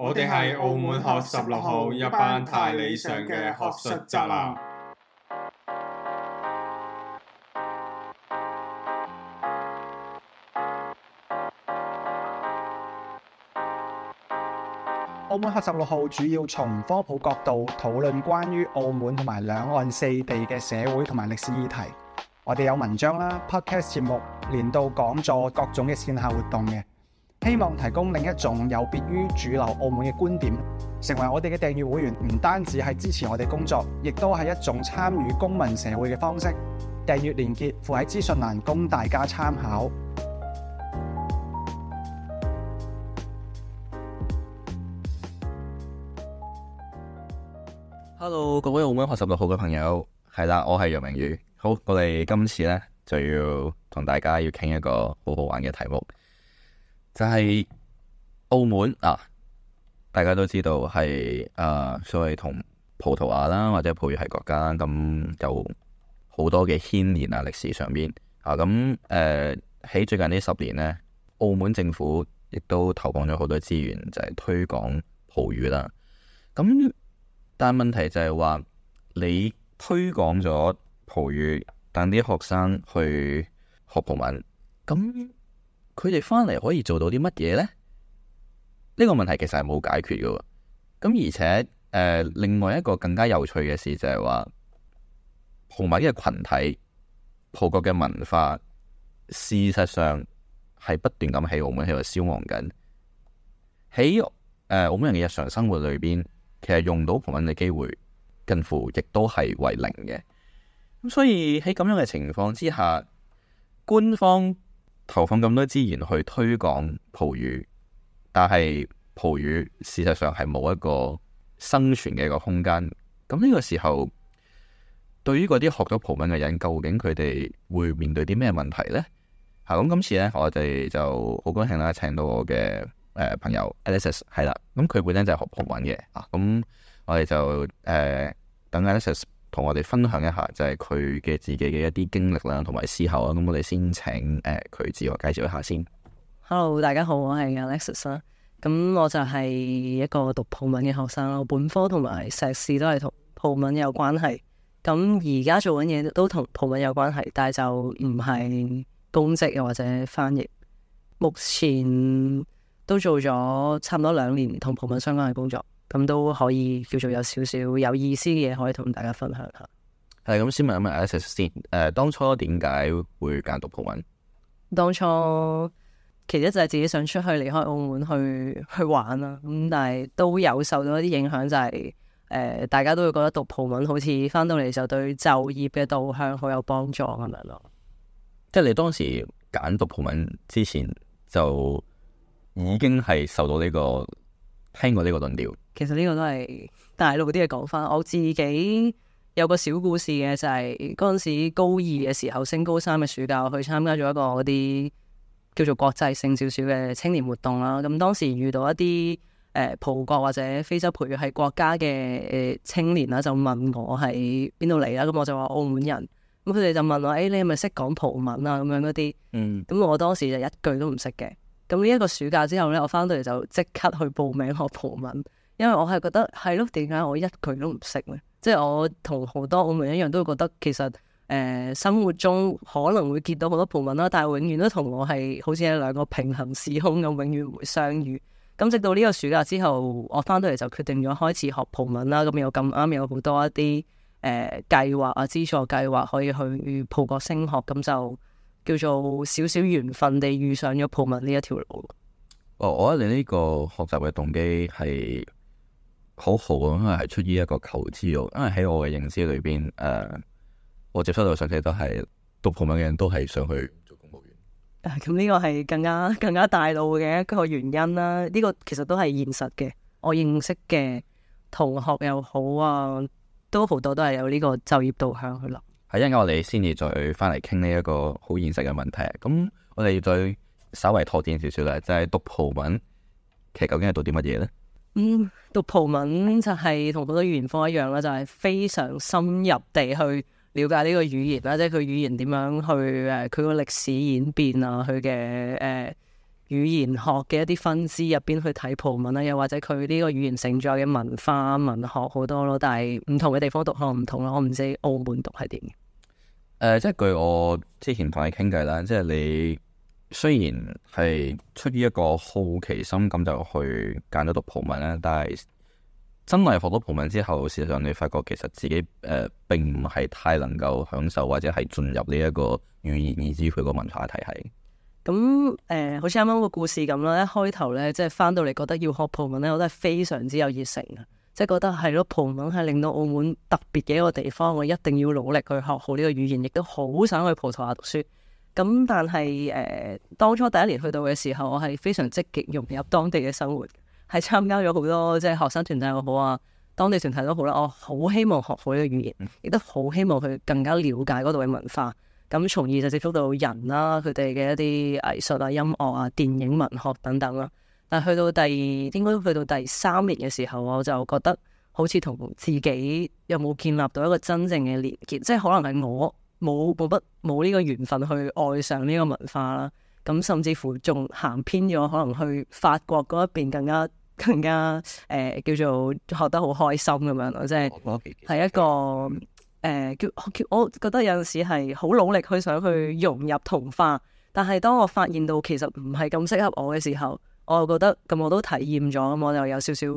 我哋係澳門學十六號一班太理想嘅學術宅男。澳門學十六號主要從科普角度討論關於澳門同埋兩岸四地嘅社會同埋歷史議題。我哋有文章啦、podcast 節目、年度講座、各種嘅線下活動嘅。希望提供另一種有別於主流澳門嘅觀點，成為我哋嘅訂閱會員，唔單止係支持我哋工作，亦都係一種參與公民社會嘅方式。訂閱鏈接附喺資訊欄，供大家參考。Hello，各位澳門學十六號嘅朋友，係啦，我係楊鳴宇。好，我哋今次呢就要同大家要傾一個好好玩嘅題目。就係澳門啊，大家都知道係誒、啊、所謂同葡萄牙啦，或者葡語系國家，咁就好多嘅牽連啊歷史上邊啊咁誒喺最近呢十年呢，澳門政府亦都投放咗好多資源，就係、是、推廣葡語啦。咁但係問題就係話你推廣咗葡語，但啲學生去學葡文咁。佢哋返嚟可以做到啲乜嘢呢？呢、呢個問題其實係冇解決嘅。咁而且誒、呃，另外一個更加有趣嘅事就係話，葡民嘅群體，葡國嘅文化，事實上係不斷咁喺澳門喺度消亡緊。喺誒、呃，澳門人嘅日常生活裏邊，其實用到葡文嘅機會，近乎亦都係為零嘅。咁所以喺咁樣嘅情況之下，官方投放咁多資源去推廣葡語，但係葡語事實上係冇一個生存嘅一個空間。咁、嗯、呢、這個時候，對於嗰啲學咗葡文嘅人，究竟佢哋會面對啲咩問題呢？吓、嗯，咁今次呢，我哋就好高興啦，請到我嘅誒、呃、朋友 Alexis，係啦，咁佢、嗯嗯、本身就係學葡文嘅啊，咁、嗯、我哋就誒、呃、等 Alexis。同我哋分享一下，就係佢嘅自己嘅一啲經歷啦，同埋思考啊。咁我哋先請誒佢自我介紹一下先。Hello，大家好，我係 Alexis。咁我就係一個讀葡文嘅學生咯，本科同埋碩士都係同葡文有關係。咁而家做緊嘢都同葡文有關係，但係就唔係公職又或者翻譯。目前都做咗差唔多兩年同葡文相關嘅工作。咁都可以叫做有少少有意思嘅嘢，可以同大家分享下。係咁，先問一問 Alexis 先。誒，當初點解會揀讀葡文？當初其實就係自己想出去離開澳門去去玩啦。咁但係都有受到一啲影響、就是，就係誒，大家都會覺得讀葡文好似翻到嚟就對就業嘅導向好有幫助咁樣咯。是是即係你當時揀讀葡文之前就已經係受到呢、這個聽過呢個論調。其實呢個都係大陸啲嘢講返。我自己有個小故事嘅，就係嗰陣時高二嘅時候升高三嘅暑假，我去參加咗一個嗰啲叫做國際性少少嘅青年活動啦。咁當時遇到一啲誒葡國或者非洲葡語系國家嘅誒、呃、青年啦，就問我係邊度嚟啦。咁我就話澳門人。咁佢哋就問我：誒、欸、你係咪識講葡文啊？咁樣嗰啲。咁我當時就一句都唔識嘅。咁呢一個暑假之後呢，我返到嚟就即刻去報名學葡文。因為我係覺得係咯，點解我一句都唔識呢？即係我同好多澳門一樣，都會覺得其實誒、呃，生活中可能會見到好多葡文啦，但係永遠都同我係好似係兩個平行時空咁，永遠唔會相遇。咁直到呢個暑假之後，我翻到嚟就決定咗開始學葡文啦。咁又咁啱有好多一啲誒、呃、計劃啊，資助計劃可以去葡國升學，咁就叫做少少緣分地遇上咗葡文呢一條路。哦，我覺得你呢個學習嘅動機係。好好啊，因為係出於一個求知。哦，因為喺我嘅認知裏邊，誒、呃，我接收到上屆都係讀葡文嘅人都係想去做公務員。咁呢、啊這個係更加更加大路嘅一個原因啦，呢、這個其實都係現實嘅，我認識嘅同學又好啊，都好多都係有呢個就業導向去諗。係，一陣間我哋先至再翻嚟傾呢一個好現實嘅問題，咁我哋要再稍為拓展少少啦，就係、是、讀葡文，其實究竟係讀啲乜嘢咧？咁、嗯、讀葡文就係同好多語言科一樣啦，就係、是、非常深入地去了解呢個語言啦，即係佢語言點樣去誒，佢個歷史演變啊，佢嘅誒語言學嘅一啲分支入邊去睇葡文啦，又或者佢呢個語言承載嘅文化文學好多咯。但係唔同嘅地方讀可能唔同咯，我唔知澳門讀係點嘅。誒、呃，即係據我之前同你傾偈啦，即係你。雖然係出於一個好奇心咁就去揀咗讀葡文啦。但係真係學到葡文之後，事實上你發覺其實自己誒、呃、並唔係太能夠享受或者係進入呢一個語言以至佢個文化體系。咁誒、嗯呃，好似啱啱個故事咁啦，一開頭咧即係翻到嚟覺得要學葡文咧，我都係非常之有熱誠嘅，即係覺得係咯，葡文係令到澳門特別嘅一個地方，我一定要努力去學好呢個語言，亦都好想去葡萄牙讀書。咁但係誒、呃，當初第一年去到嘅時候，我係非常積極融入當地嘅生活，係參加咗好多即係學生團體又好啊，當地團體都好啦。我好希望學好呢個語言，亦都好希望佢更加了解嗰度嘅文化。咁從而就接觸到人啦、啊，佢哋嘅一啲藝術啊、音樂啊、電影、文學等等啦、啊。但去到第二應該去到第三年嘅時候，我就覺得好似同自己有冇建立到一個真正嘅連結，即係可能係我。冇冇不冇呢個緣分去愛上呢個文化啦，咁甚至乎仲行偏咗，可能去法國嗰一邊更加更加誒、呃、叫做學得好開心咁樣咯，即係係一個誒、呃、叫我叫我覺得有陣時係好努力去想去融入同化，但係當我發現到其實唔係咁適合我嘅時候，我就覺得咁我都體驗咗，我就有少少。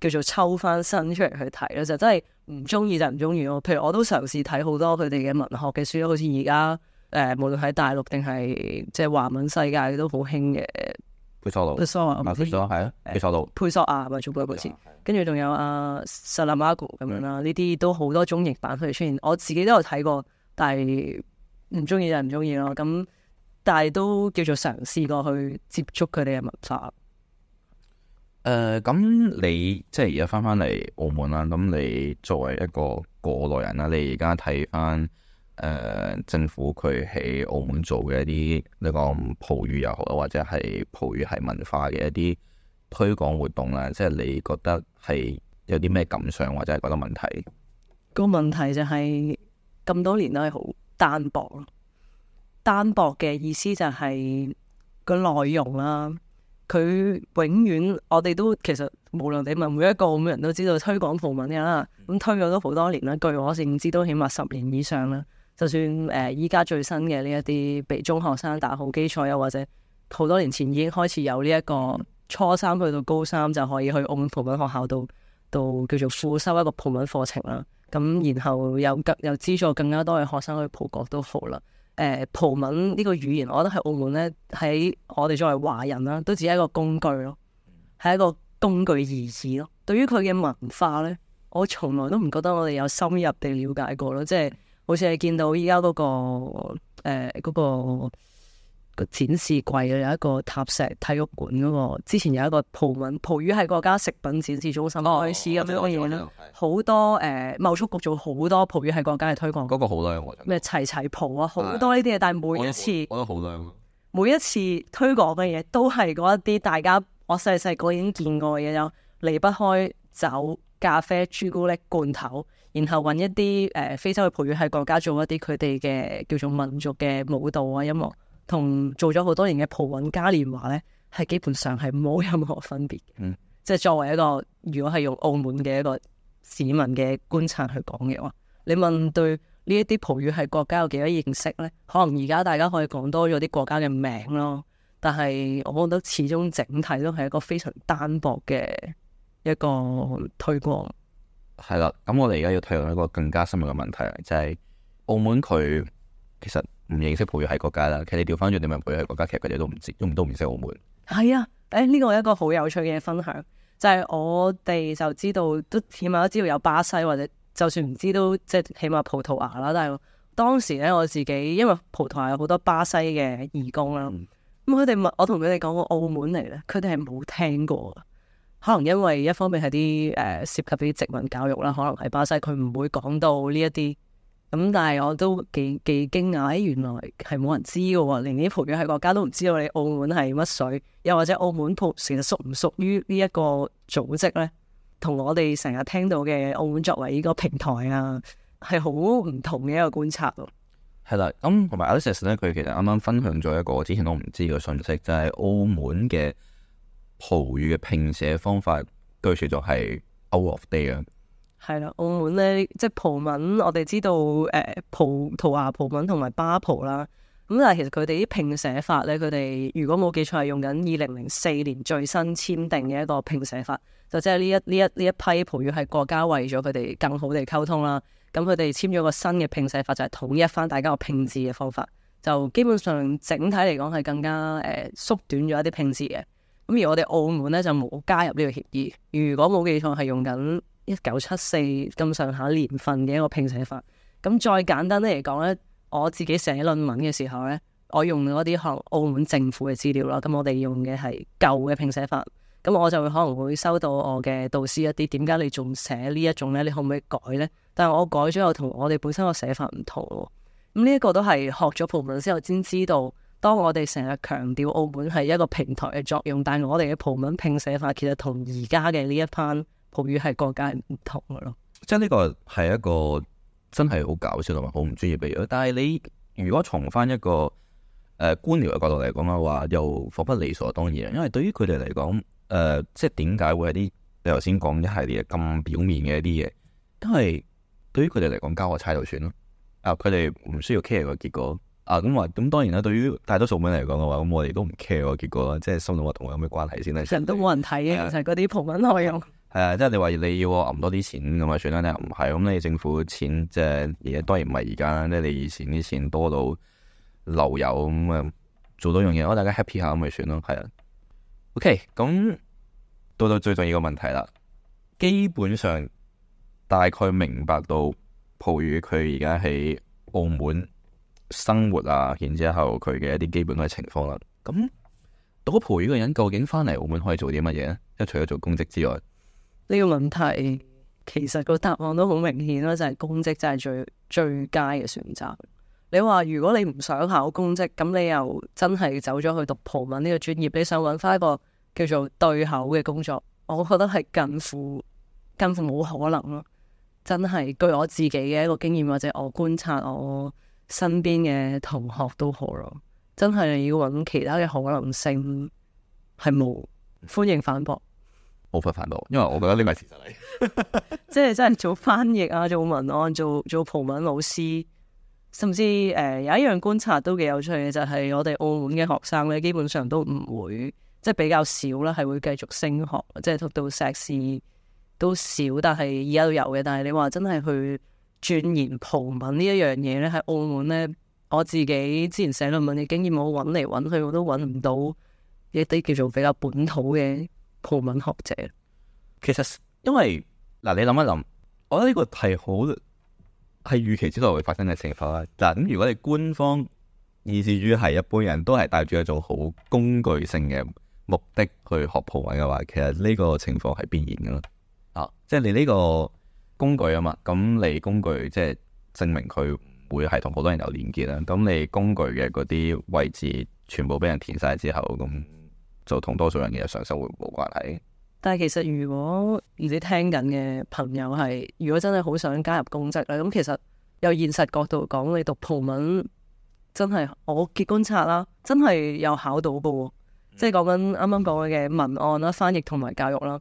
叫做抽翻身出嚟去睇咯，真就真係唔中意就唔中意咯。譬如我都嘗試睇好多佢哋嘅文學嘅書，好似而家誒，無論喺大陸定係即係華文世界都好興嘅佩索勞佩索亞，係啊，佩索勞佩索亞，咪做過嗰次，跟住仲有啊塞拉瑪古咁樣啦，呢啲都好多中譯版出嚟出現，嗯、我自己都有睇過，但係唔中意就唔中意咯。咁但係都叫做嘗試過去接觸佢哋嘅文化。誒，咁、呃、你即係而家翻翻嚟澳門啦，咁你作為一個國內人啦，你而家睇翻誒政府佢喺澳門做嘅一啲，你講葡語又好，或者係葡語系文化嘅一啲推廣活動啦，即係你覺得係有啲咩感想，或者係覺得問題？個問題就係、是、咁多年都係好單薄咯，單薄嘅意思就係、是那個內容啦、啊。佢永遠，我哋都其實無論你問每一個澳門人都知道推廣葡文嘅啦，咁推咗都好多年啦。據我所知都起碼十年以上啦。就算誒依家最新嘅呢一啲畀中學生打好基礎又，又或者好多年前已經開始有呢、這、一個初三去到高三就可以去澳門葡文學校度度叫做副修一個葡文課程啦。咁然後又更又資助更加多嘅學生去葡國都好啦。誒葡、欸、文呢個語言，我覺得喺澳門咧，喺我哋作為華人啦，都只係一個工具咯，係一個工具而已咯。對於佢嘅文化咧，我從來都唔覺得我哋有深入地了解過咯。即係好似係見到依家嗰個誒嗰個，欸嗰個展示櫃啊，有一個塔石體育館嗰個，之前有一個葡文葡語系國家食品展示中心開始咁樣嘅嘢啦，好、哦、多誒，貿的、呃、促局做好多葡語系國家嘅推廣，嗰個好靚我就咩齊齊葡啊，好多呢啲嘢，但係每一次，我覺得好靚。每一次推廣嘅嘢，都係嗰一啲大家我細細個已經見過嘅嘢，有離、嗯、不開酒、咖啡、朱古力罐頭，然後搵一啲誒非洲嘅葡語系國家做一啲佢哋嘅叫做民族嘅舞蹈啊、音樂。嗯同做咗好多年嘅葡韻嘉年華咧，係基本上係冇任何分別嘅。嗯，即係作為一個如果係用澳門嘅一個市民嘅觀察去講嘅話，你問對呢一啲葡語系國家有幾多認識咧？可能而家大家可以講多咗啲國家嘅名咯，但係我覺得始終整體都係一個非常單薄嘅一個推廣。係啦，咁我哋而家要討論一個更加深入嘅問題，就係澳門佢其實。唔認識葡語系國家啦，其實你調翻轉，你咪葡語系國家，其實佢哋都唔知，都唔都唔識澳門。係啊，誒，呢個係一個好有趣嘅分享，就係我哋就知道都起碼都知道有巴西，或者就算唔知都即係起碼葡萄牙啦。但係當時咧我自己，因為葡萄牙有好多巴西嘅義工啦，咁佢哋問我同佢哋講過澳門嚟咧，佢哋係冇聽過，可能因為一方面係啲誒涉及啲殖民教育啦，可能喺巴西佢唔會講到呢一啲。咁、嗯、但係我都幾幾驚訝，原來係冇人知嘅喎。哦，連啲葡語系國家都唔知道你澳門係乜水，又或者澳門葡其實屬唔屬於呢一個組織咧？同我哋成日聽到嘅澳門作為呢個平台啊，係好唔同嘅一個觀察。哦。係啦，咁同埋 Alexis 咧，佢其實啱啱分享咗一個之前我唔知嘅信息，就係、是、澳門嘅葡語嘅拼寫方法，佢叫做係 Out of Day 啊。係啦，澳門咧，即葡文，我哋知道誒、呃、葡葡萄牙葡文同埋巴葡啦。咁但係其實佢哋啲拼寫法咧，佢哋如果冇記錯係用緊二零零四年最新簽訂嘅一個拼寫法，就即係呢一呢一呢一批葡語系國家為咗佢哋更好地溝通啦。咁佢哋簽咗個新嘅拼寫法，就係、係、統一翻大家個拼字嘅方法。就基本上整體嚟講係更加誒縮、呃、短咗一啲拼字嘅。咁而我哋澳門咧就冇加入呢個協議。如果冇記錯係用緊 1974, 一九七四咁上下年份嘅一個拼寫法，咁再簡單啲嚟講咧，我自己寫論文嘅時候咧，我用嗰啲學澳門政府嘅資料啦，咁我哋用嘅係舊嘅拼寫法，咁我就會可能會收到我嘅導師一啲，點解你仲寫呢一種咧？你可唔可以改咧？但係我改咗又同我哋本身個寫法唔同咯，咁呢一個都係學咗葡文之後先知道，當我哋成日強調澳門係一個平台嘅作用，但係我哋嘅葡文拼寫法其實同而家嘅呢一攤。葡語系國家唔同嘅咯，即係呢個係一個真係好搞笑同埋好唔專業嘅嘢。但係你如果從翻一個誒、呃、官僚嘅角度嚟講嘅話，又彷彿理所當然。因為對於佢哋嚟講，誒、呃、即係點解會係啲你頭先講一系列咁表面嘅一啲嘢，都係對於佢哋嚟講交個差就算咯。啊，佢哋唔需要 care 個結果。啊，咁話咁當然啦。對於大多數民嚟講嘅話，咁、嗯、我哋都唔 care 個結果啦，即係心諗話同我有咩關係先啦。人都冇人睇嘅，啊、其實嗰啲葡文內容。係啊，即係你話你要我揞多啲錢咁啊，算啦，你又唔係，咁你政府嘅錢即係，而家當然唔係而家，即係你以前啲錢多到流油咁啊，做到樣嘢，我、哦、大家 happy 下咁咪算咯，係啊。OK，咁、嗯、到到最重要嘅問題啦，基本上大概明白到葡語佢而家喺澳門生活啊，然之後佢嘅一啲基本嘅情況啦、啊。咁讀咗葡語嘅人，究竟翻嚟澳門可以做啲乜嘢咧？即係除咗做公職之外。呢個問題其實個答案都好明顯啦，就係公職就係最最佳嘅選擇。你話如果你唔想考公職，咁你又真係走咗去讀葡文呢個專業，你想揾翻一個叫做對口嘅工作，我覺得係近乎近乎冇可能咯。真係據我自己嘅一個經驗，或者我觀察我身邊嘅同學都好咯，真係要揾其他嘅可能性係冇。歡迎反駁。冇法反駁，因為我覺得呢個係事實嚟。 即係真係做翻譯啊，做文案，做做葡文老師，甚至誒、呃、有一樣觀察都幾有趣嘅，就係、是、我哋澳門嘅學生咧，基本上都唔會，即係比較少啦，係會繼續升學，即係讀到碩士都少，但係而家都有嘅。但係你話真係去鑽研葡文呢一樣嘢咧，喺澳門咧，我自己之前寫論文嘅經驗，我搵嚟搵去，我都搵唔到一啲叫做比較本土嘅。葡文學者，其實因為嗱，你諗一諗，我覺得呢個係好係預期之內會發生嘅情況啦。嗱，咁如果你官方以至於係一般人都係帶住一種好工具性嘅目的去學葡文嘅話，其實呢個情況係必然噶啦。啊，即係你呢個工具啊嘛，咁你工具即係證明佢會係同好多人有連結啦。咁你工具嘅嗰啲位置全部俾人填晒之後，咁。就同多數人嘅日常生活冇關係。會會，但係其實如果唔知聽緊嘅朋友係，如果真係好想加入公職咧，咁其實由現實角度講，你讀葡文真係我嘅觀察啦，真係有考到噃。即係講緊啱啱講嘅文案啦、翻譯同埋教育啦。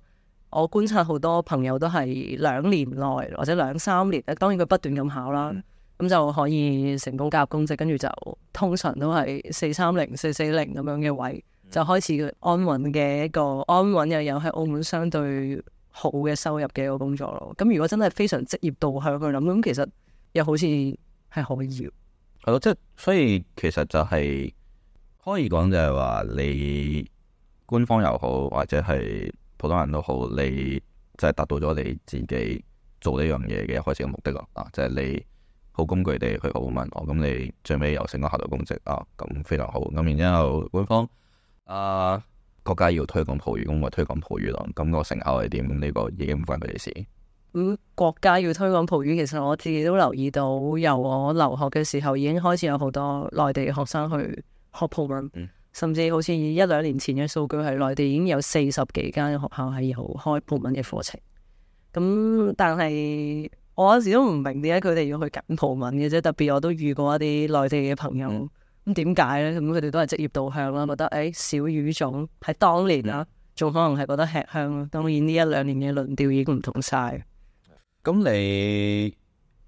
我觀察好多朋友都係兩年內或者兩三年咧，當然佢不斷咁考啦，咁、嗯、就可以成功加入公職，跟住就通常都係四三零、四四零咁樣嘅位。就開始安穩嘅一個安穩又有喺澳門相對好嘅收入嘅一個工作咯。咁如果真係非常職業導向去諗，咁其實又好似係可以。係咯， 即係所以其實就係可以講就係話你官方又好或者係普通人都好，你就係達到咗你自己做呢樣嘢嘅開始嘅目的咯。啊，就係、是、你好工具地去澳門，哦，咁你最尾又成咗下流公職啊，咁非常好。咁、啊、然之後官方。啊、uh, 那個嗯！國家要推廣葡語，咁咪推廣葡語咯。咁個成效係點？呢個已經唔關佢哋事。咁國家要推廣葡語，其實我自己都留意到，由我留學嘅時候已經開始有好多內地嘅學生去學葡文，嗯、甚至好似一兩年前嘅數據，喺內地已經有四十幾間學校係有開葡文嘅課程。咁但係我有時都唔明點解佢哋要去揀葡文嘅啫，特別我都遇過一啲內地嘅朋友、嗯。點解呢？咁佢哋都係職業導向啦，覺得誒、哎、小語種喺當年啦、啊，仲可能係覺得吃香咯。當然呢一兩年嘅論調已經唔同晒。咁、嗯、你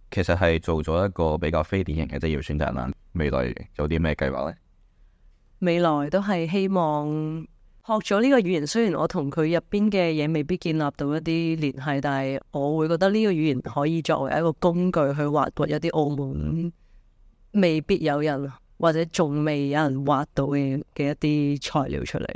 其實係做咗一個比較非典型嘅職業選擇啦。未來有啲咩計劃呢？未來都係希望學咗呢個語言。雖然我同佢入邊嘅嘢未必建立到一啲聯繫，但係我會覺得呢個語言可以作為一個工具去挖掘一啲澳門、嗯、未必有人。或者仲未有人挖到嘅嘅一啲材料出嚟。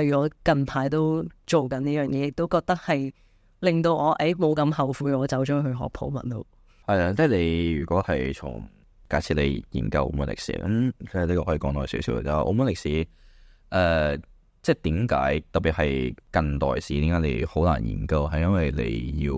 例如我近排都做緊呢樣嘢，亦都覺得係令到我誒冇咁後悔，我走咗去學葡文咯。係啊，即係你如果係從假設你研究澳門歷史，咁即係呢個可以講耐少少，就澳門歷史誒、呃，即係點解特別係近代史，點解你好難研究，係因為你要。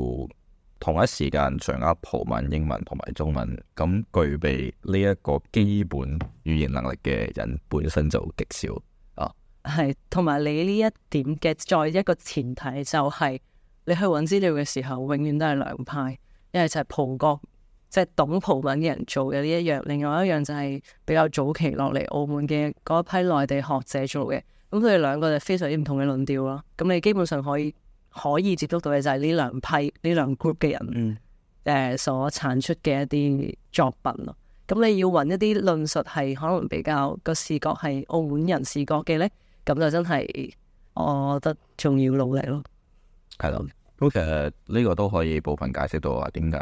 同一時間掌握葡文、英文同埋中文，咁具備呢一個基本語言能力嘅人本身就極少。哦、啊，同埋你呢一點嘅再一個前提就係、是、你去揾資料嘅時候，永遠都係兩派，因為就係葡國即係懂葡文嘅人做嘅呢一樣，另外一樣就係比較早期落嚟澳門嘅嗰一批內地學者做嘅，咁佢哋兩個就非常之唔同嘅論調咯。咁你基本上可以。可以接觸到嘅就係呢兩批呢兩 group 嘅人，誒、嗯呃、所產出嘅一啲作品咯。咁你要搵一啲論述係可能比較個視角係澳門人視角嘅咧，咁就真係我覺得仲要努力咯。係咯，咁其實呢個都可以部分解釋到啊，點解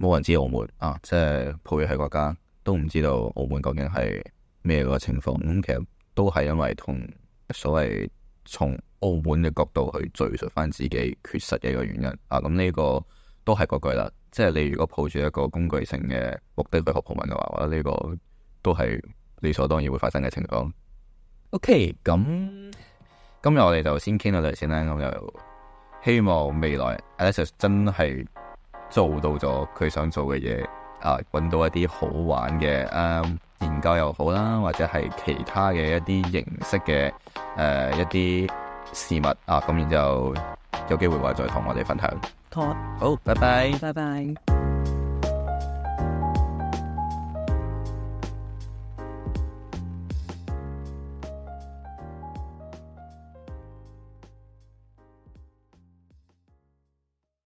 冇人知澳門啊，即係葡語系國家都唔知道澳門究竟係咩個情況咁、嗯？其實都係因為同所謂從，澳門嘅角度去敘述翻自己缺失嘅一個原因啊，咁、嗯、呢、這個都係嗰句啦，即係你如果抱住一個工具性嘅目的去學葡文嘅話，我覺得呢個都係理所當然會發生嘅情況。OK，咁、嗯、今日我哋就先傾到呢度先啦，咁、嗯、就希望未來 Alexis 真係做到咗佢想做嘅嘢啊，揾到一啲好玩嘅啊、呃，研究又好啦，或者係其他嘅一啲形式嘅誒、呃、一啲。事物啊，咁然後就有機會話再同我哋分享。Talk. 好，拜拜，拜拜。